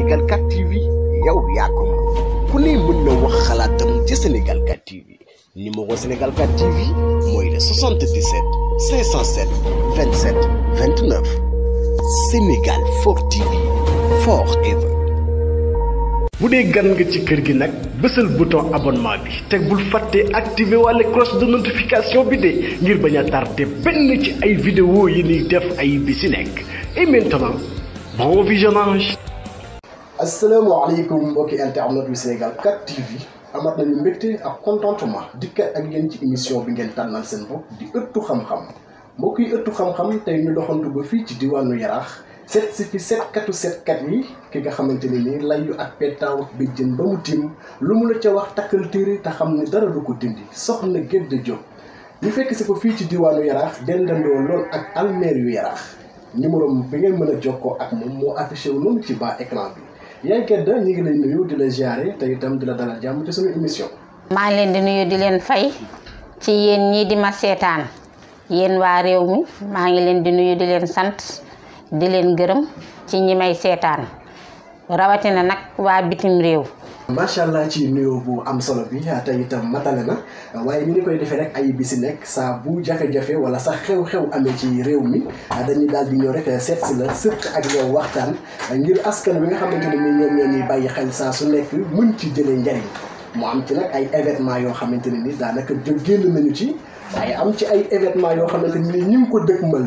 Sénégal 4 TV yow yakum. ko ku mën na wax xalaatam ci Sénégal 4 TV numéro Sénégal 4 TV moy le 77 507 27 29 Sénégal 4 TV forever. bu dee gan nga ci kër gi nag bésal bouton abonnement bi teg bul fàttee activé walla cloche de notification bi de ngir bañ a tardé benn ci ay vidéo yi ni def ay bi si nekk et maintenant bon visionnage asalaamaaleykum mbokki internet yu Sénégal 4 TV amaat nañu mbégte ak contentement dikkaat ak yéen ci émission bi ngeen tànnal seen bopp di ëttu xam-xam mbokk yi ëttu xam-xam tey ñu doxantu ba fii ci diwaanu Yaraax seet si fi seetkatu seetkat yi ki nga xamante ne nii layu ak pettaaw ak jën ba mu tiim lu mu la ca wax takkal téere te xam ne dara du ko dindi soxna Gédda Diop ñu fekk si ko fii ci diwaanu Yaraax dendandoo lool ak almeer yu Yaraax numéro bi ngeen mën a jokkoo ak moom moo affiché wu noonu ci bas écran bi. Yaye maa ngi leen di nuyu di leen fay ci yéen ñii di ma seetaan yéen waa réew mi maa ngi leen di nuyu di leen sant di leen gërëm ci ñi may seetaan rawatina nag waa bitim réew. macha allah ci nuyoo bu am solo bi ah, tey itam matale na waaye ni ñu koy defee rek ay bi bisi nekk saa bu jafe-jafe wala sax xew-xew amee ci réew mi ah, dañuy daal di ñëw rek eh, seet si la sëq ak yow waxtaan ah, ngir askan bi nga xamante ne ni ñoom ñoo ñuy bàyyi xel saa su nekk mun ci jëlee njariñ moo am ci nag ay événement yoo xamante ne ni daanaka jë génn nañu ci waaye am ci ay événement yoo xamante ne ni ñu ngi ko dëgmal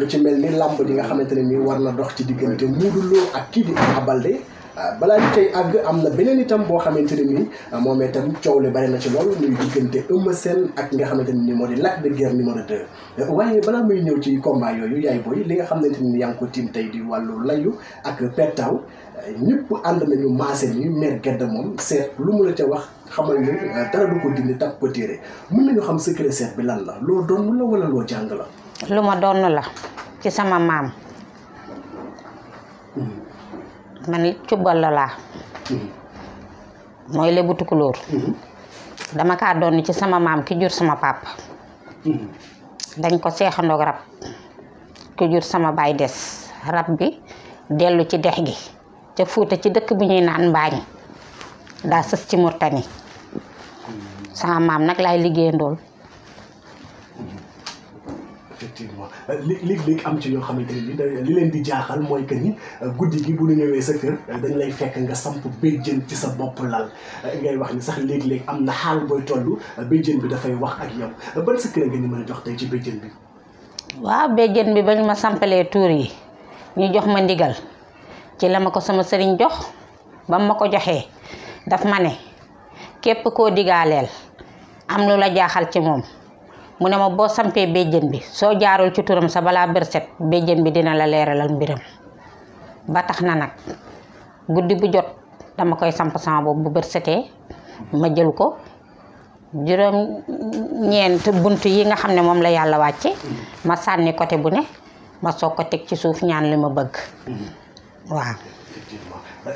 lu ci mel ni làmb ji nga xamante ne ni war na dox ci diggante Modou ak kii di Ama Euh, balaa ñu cay àgg am na beneen itam boo xamante ne nii euh, moom itam coow li bari na ci lool muy diggante Eumeu Sène ak nga xamante ne nii moo di Lac de Guiers numéro 2 euh, waaye balaa ñëw ci combat yooyu yaay booy li nga xamante ni yaa ngi ko tiim tey di wàllu layu ak pettaaw ñëpp ànd nañu maase ni mer gedd moom seet lu mu la ca wax xamal ni dara du ko dindi tàpp ko téere mën nañu xam secret seet bi lan la loo doon la wala loo jàng la. lu ma doon la ci sama maam. Hmm. man bolla la moy mooy lebu tukulóor dama ka don ci sama mam ki jur sama papa dañ ko seexandoog rap ki jur sama bay des rap bi delu ci dex gi ci foota ci dekk bu ñuy naan bañ da sës ci murtani sama effectivement léeg-léeg am ci yoo xamante ne li leen di jaaxal mooy que ni euh, guddi gi bu ñu sa kër euh, lay fekk nga samp béjjën ci sa bopp lal euh, ngay wax ni sax léeg-léeg am na xaal booy toll bi dafay wax ak yow ban secret nga ñu mën a jox tey ci béjjën bi. waaw béjjën bi bañ ma sampalee tuur yi ñu jox ma ndigal ci la ma ko sama sëriñ jox ba ma ko joxee daf ma ne képp koo digaaleel am lu la jaaxal ci moom. mu ne ma boo sampee béjjën bi soo jaarul ci turam sa balaa bërset béjjén bi dina la leeralal mbiram ba tax na nag guddi bu jot dama koy samp sama boobu bu bërsetee ma jël ko juróom ñeent bunt yi nga xam ne moom la yàlla wàcce ma sànni côté bu ne ma soog ko teg ci suuf ñaan li ma bëgg mm-hmm. waaw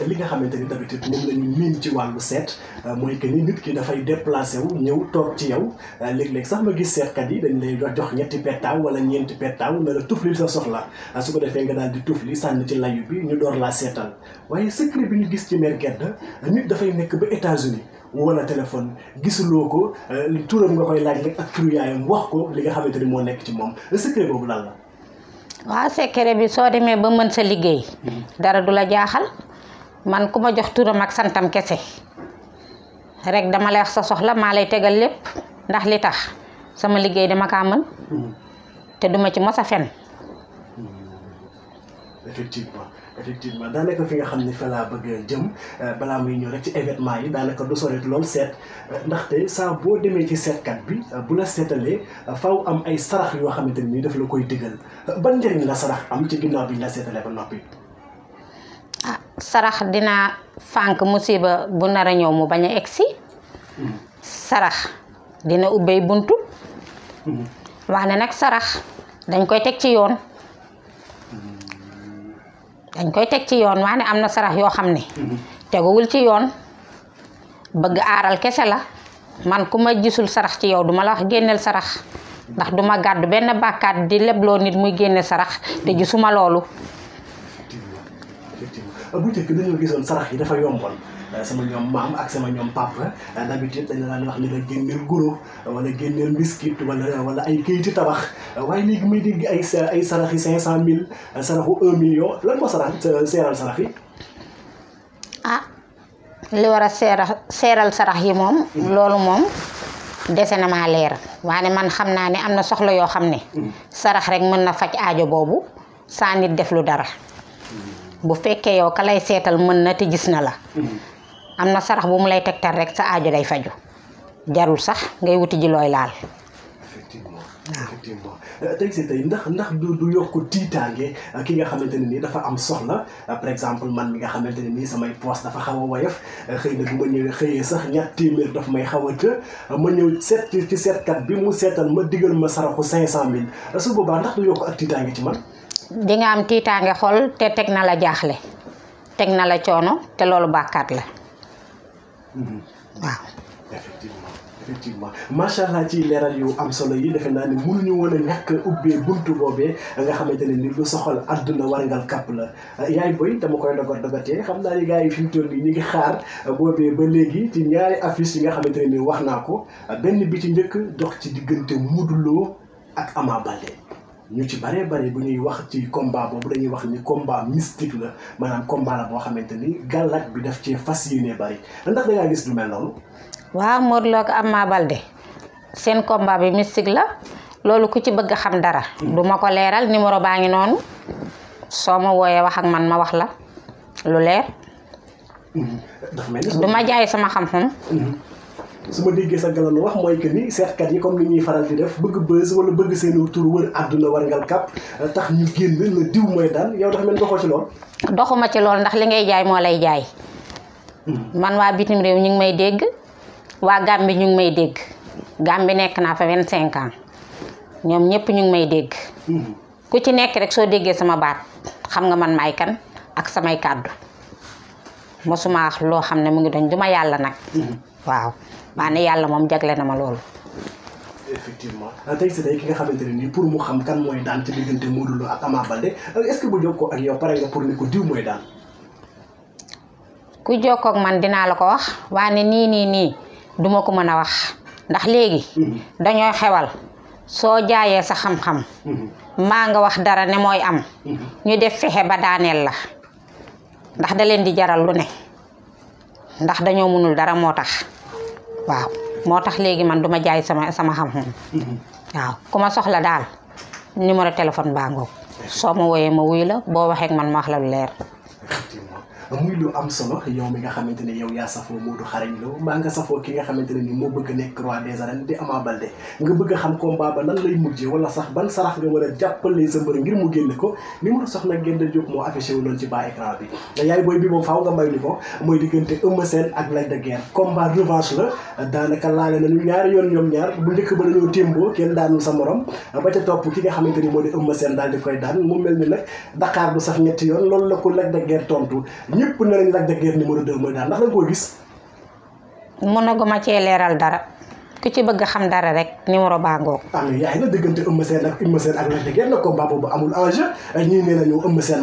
li nga xamante ni d'habitude moom la ñu miin ci wàllu seet euh, mooy que ni nit ki dafay déplacé wu ñëw toog ci yow euh, léeg-léeg sax ma gis seetkat yi dañ lay jox ñetti pettaaw wala ñeenti pettaaw na la tuflil sa soxla euh, su ko defee nga daal di tufli sànni ci layu bi ñu door laa seetal waaye secret bi ñu gis ci Mère Guedda nit dafay nekk ba États-Unis wala téléphone gisuloo ko turam nga koy laaj rek ak wax ko li nga xamante ni moo nekk ci moom secret boobu lan la. waaw secret bi demee ba mën sa liggéey. Mm-hmm. dara du la jaaxal. man ku ma jox turam ak santam kese rek dama la wax sa soxla maa lay tegal lépp ndax li tax sama liggéey dama kaa mën te duma ci mos a fen hmm. effectivement effectivement daanaka fi nga xam ne fa laa bëgg jëm euh, balaa muy ñëw rek ci événement yi daanaka du soret lool seet euh, ndaxte saa boo demee ci seetkat bi euh, bu la seetalee faaw am ay sarax yoo xamante ni daf la koy digal ban njëriñ la sarax am ci ginnaaw bi ñu la seetalee ba noppi. sarax dina fànq musiba bu nar a ñëw mu bañ a egsi sarax dina ubbey buntu wax ne nag sarax dañ koy teg ci yoon dañ koy teg ci yoon wax ne am na sarax yoo xam ne teguwul ci yoon bëgg aaral kese la man ku ma gisul sarax ci yow duma la wax génneel sarax ndax duma gàddu benn bàkkaat di lebloo nit muy génne sarax te gisuma loolu bu njëkk dañoo sarax yi dafa yomboon eh, sama ñoom maam ak sama ñoom papa eh, d'habitude dañu daan wax ni la génneel goro wala génneel biscuit wala wala ay kayiti tabax eh, waaye léegi may dégg ay ay sarax yi cinq cent mille saraxu un million lan ah, war a seeral seeral sarax yi moom mm-hmm. loolu moom dese na maa leer waane man xam naa ne am na soxla yoo xam ne mm-hmm. sarax rek mën na faj aajo boobu saa nit def lu dara bu fekkee yow ka lay seetal mën na te gis na la mm-hmm. am sarax bu mu lay rek sa aajo day faju jarul sax ngay wuti ji looy laal effectivement euh, tey si tey ndax ndax du du yokk tiitaange euh, ki nga xamante ne dafa am soxla euh, par exemple man mi nga xamante ne nii samay poos dafa xaw a woyof xëy na bu ma ñëwee xëyee sax ñaar téeméer daf may xaw a të ma ñëw seet ci seetkat bi mu seetal ma digal ma saraxu cinq cent mille su boobaa ndax du yokk ak tiitaange ci man di nga am tiitaange xol te teg na la jaaxle teg na la coono te loolu bàkkaat la mhm. waaw. effectivement effectivement macha allah ci leeral yu am solo yi defe naa ni mënuñu woon a ñàkk ubbee buntu boobee nga xamante ne ni lu soxal àdduna warngal kàpp la yaay boy dama koy dogat dogatee xam naa ni gaa yi fi mu toll nii ñu ngi xaar boobee ba léegi ci ñaari affiche yi nga xamante ne ni wax naa ko benn bi ci njëkk dox ci diggante Modou Lo ak Ama Baldé ñu ci bëree bëri bu ñuy wax ci combat boobu dañuy wax ni combat mystique la maanaam combat la boo xamante ni gàllaaj bi def ci fas yéene bëri ndax da gis lu mel noonu. waaw Modou Lo ak Ama Baldé seen combat bi mystique la loolu ku ci bëgg xam dara. du ma ko leeral numéro baa ngi noonu soo ma wooyee wax ak man ma wax la lu leer. Mhm. dafa jaay sama xam-xam. Mhm. suma ma déggee sa galan wax mooy que ni seetkat yi comme li ñuy faral di def bëgg bëss wala bëgg seen tour wër àdduna war ngal kap euh, tax ñu génn na diw mooy daan yow tax men doxo ci lool doxuma ci lool ndax li ngay jaay moo lay jaay hmm. man waa bitim réew ñu ngi may dégg waa gambi ñu ngi may dégg gambi nekk naa fa 25 ans ñoom ñëpp ñu ngi may dégg hmm. ku ci nekk rek soo déggee sama baat xam nga man maay kan ak samay kàddu mosuma wax loo xam ne mu ngi doñ duma yàlla nag hmm. waaw mané yalla mom jaglé na ma loolu. effectivement ah, tey si day ki nga xamanteni ni pour mu xam kan moy dante digënté modulo ak Ama balde euh, est-ce que bu jokk ak yow paré nga pour ni ko diw moy dal ku jokk ak man dina la ko wax wané ni ni ni duma ko mëna wax ndax légui mm-hmm. dañoy xewal so jaayé sa xam-xam. Mm-hmm. ma nga wax dara né moy am. Mm-hmm. ñu def fexé ba daanel la ndax da leen di jaral lu ne ndax dañoo mënul dara motax waaw moo tax léegi man duma jaay sama sama xam-xam mhm. waaw ku ma soxla daal numéro téléphone baa ngoog soo ma wooyee ma wuy la boo waxee man ma wax la lu leer muy lu am solo yow mi nga xamante ne yow yaa safoo maa nga safoo ki nga xamante ne ni moo bëgg a nekk roi des arènes di Ama nga bëgg a a jàppale sa ko numéro soxna Gende Diop moo affiché wu loon ci bas écran bi yaay booy bi moom faaw nga la daanaka laale nañu ñaari yoon ñoom ñaar bu njëkk ba dañoo témboo sa morom ba ca topp ki nga xamante ni moo di Eumeu Sène daal di koy daan mu mel ni nag Dakar bu sax ñetti yoon loolu la ko Lac de Guiers tontu ñëpp ne nañ Lac de Guiers numéro 2 mooy daal ndax dañ koo gis. mënaguma cee leeral dara ku ci bëgg xam dara rek numéro baa ngoog. ah mais yaay na dëggante Eumeu Sène ak Eumeu Sène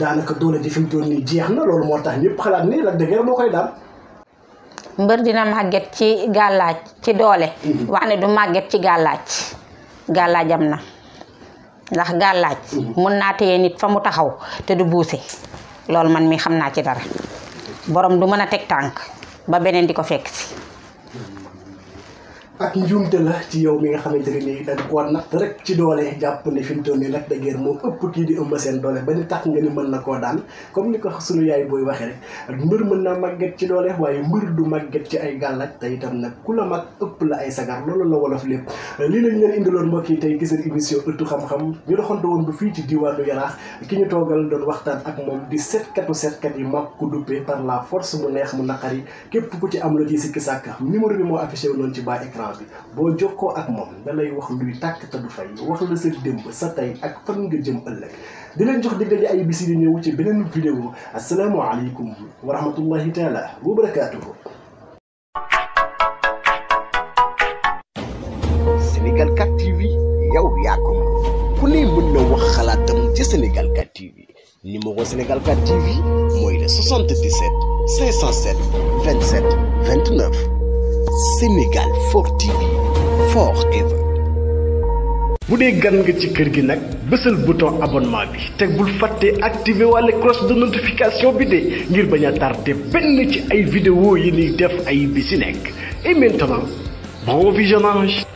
daanaka doole ji fi mu nii jeex na loolu moo tax ñëpp xalaat ni Lac de Guiers moo koy daal. mbër dina màgget ci gàllaaj ci doole. Mhm. wax ne du màgget ci gàllaaj gàllaajam na. ndax gàllaaj mhm. mun naa téye nit fa mu taxaw te du buuse loolu man mii xam naa ci dara boroom du mën a teg tànk ba beneen di ko fekk si ak njuumte la ci yow mi nga xamanteni ni da ko koo rek ci doole japp ne fim mu nak da Lac mo upp ki di ëmb seen doole ba ni tax nga ni mën na ko daan comme ni ko sunu yaay boy waxe rek mbër mën na magget ci doole waye mbër du magget ci ay gàllaaj te itam nag ku la mag la ay sagar lolu la wolof lepp li lañ leen indiloon mbokk yi tay gis ak émission ëttu xam-xam ñu do won bu fi ci diwaanu yaraax ki ñu togal doon waxtaan ak mom di setkatu yi mag ku duppé par la force mu neex mu nakari kep ku ci am lo ci sikki sakka numéro bi mo affiché wu ci ba écran assurance jox ko jokkoo ak moom da lay wax luy tàkk te du fay wax la sa démb sa tey ak fan nga jëm ëllëg di leen jox diggante ay bis yi ñëw ci beneen vidéo asalaamaaleykum wa rahmatullahi taala wa Sénégal 4 TV yow yaa ko ku ne mën na wax xalaatam ci Sénégal 4 TV numéro Sénégal 4 TV mooy le 77 507 27 Sénégal 4 TV forever. bu dee gan nga ci kër gi nag bésal bouton abonnement bi teg bul fàttee activé walla cloche de notification bi de ngir bañ a tardé benn ci ay vidéo yi ni def ay bi ci nekk et maintenant bon visionnage.